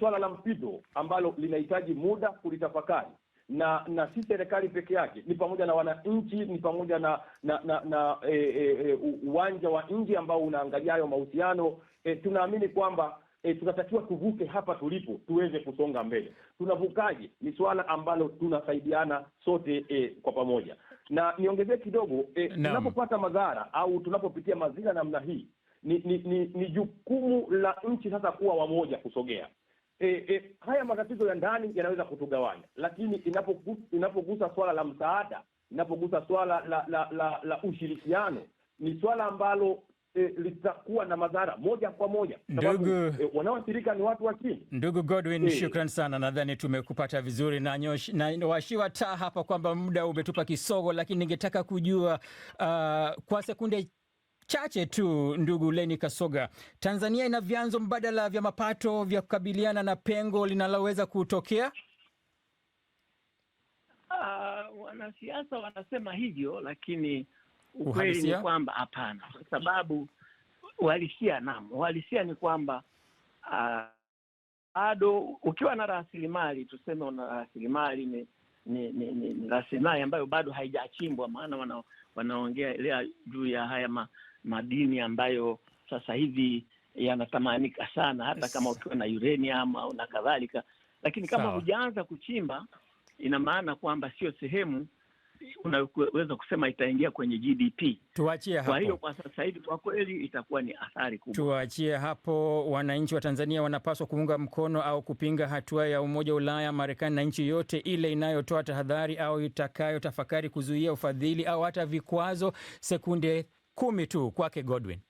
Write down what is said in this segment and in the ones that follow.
swala la mpito ambalo linahitaji muda kulitafakari na na si serikali peke yake, ni pamoja na wananchi, ni pamoja na na na, na e, e, e uwanja wa nje ambao unaangalia hayo mahusiano e, tunaamini kwamba e, tunatakiwa tuvuke hapa tulipo tuweze kusonga mbele. Tunavukaje? Ni swala ambalo tunasaidiana sote e, kwa pamoja, na niongezee kidogo e, tunapopata madhara au tunapopitia mazira namna hii ni ni, ni, ni jukumu la nchi sasa kuwa wamoja kusogea E, e, haya matatizo ya ndani yanaweza kutugawanya, lakini inapogusa, inapogusa swala la msaada, inapogusa swala la la, la, la ushirikiano ni swala ambalo e, litakuwa na madhara moja kwa moja ndugu, e, wanaoathirika ni watu wa chini. Ndugu Godwin e, shukran sana, nadhani tumekupata vizuri na, nyosh, na washiwa taa hapa kwamba muda umetupa kisogo, lakini ningetaka kujua uh, kwa sekunde chache tu, ndugu Leni Kasoga, Tanzania ina vyanzo mbadala vya mapato vya kukabiliana na pengo linaloweza kutokea? Uh, wanasiasa wanasema hivyo, lakini ukweli ni kwamba hapana, kwa sababu uhalisia nam, uhalisia ni kwamba ah, bado uh, ukiwa na rasilimali tuseme, una rasilimali ni ni, ni, ni, ni rasilimali ambayo bado haijachimbwa, maana wana, lea juu ya haya ma, madini ambayo sasa hivi yanatamanika sana, hata kama ukiwa na uranium au na kadhalika. Lakini kama hujaanza kuchimba, ina maana kwamba sio sehemu unaweza kusema itaingia kwenye GDP. Tuachie hapo. Kwa hiyo kwa sasa hivi kwa kweli itakuwa ni athari kubwa. Tuachie hapo. Wananchi wa Tanzania wanapaswa kuunga mkono au kupinga hatua ya Umoja wa Ulaya, Marekani na nchi yote ile inayotoa tahadhari au itakayo tafakari kuzuia ufadhili au hata vikwazo. Sekunde kumi tu kwake Godwin.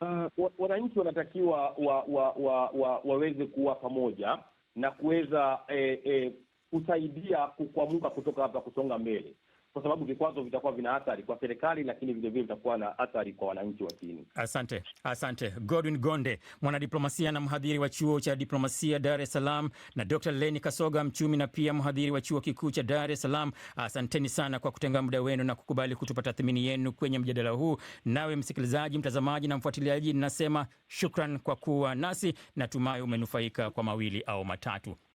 Uh, wananchi wanatakiwa wa, wa, wa, wa, waweze kuwa pamoja na kuweza eh, eh, kusaidia kukwamuka kutoka hapa kusonga mbele kwa sababu vikwazo vitakuwa vina athari kwa serikali, lakini vilevile vitakuwa na athari kwa wananchi wa chini. Asante, asante Godwin Gonde, mwanadiplomasia na mhadhiri wa chuo cha diplomasia Dar es Salaam, na Dr. Leni Kasoga, mchumi na pia mhadhiri wa chuo kikuu cha Dar es Salaam. Asanteni sana kwa kutenga muda wenu na kukubali kutupa tathmini yenu kwenye mjadala huu. Nawe msikilizaji, mtazamaji na mfuatiliaji, nasema shukran kwa kuwa nasi, natumai umenufaika kwa mawili au matatu.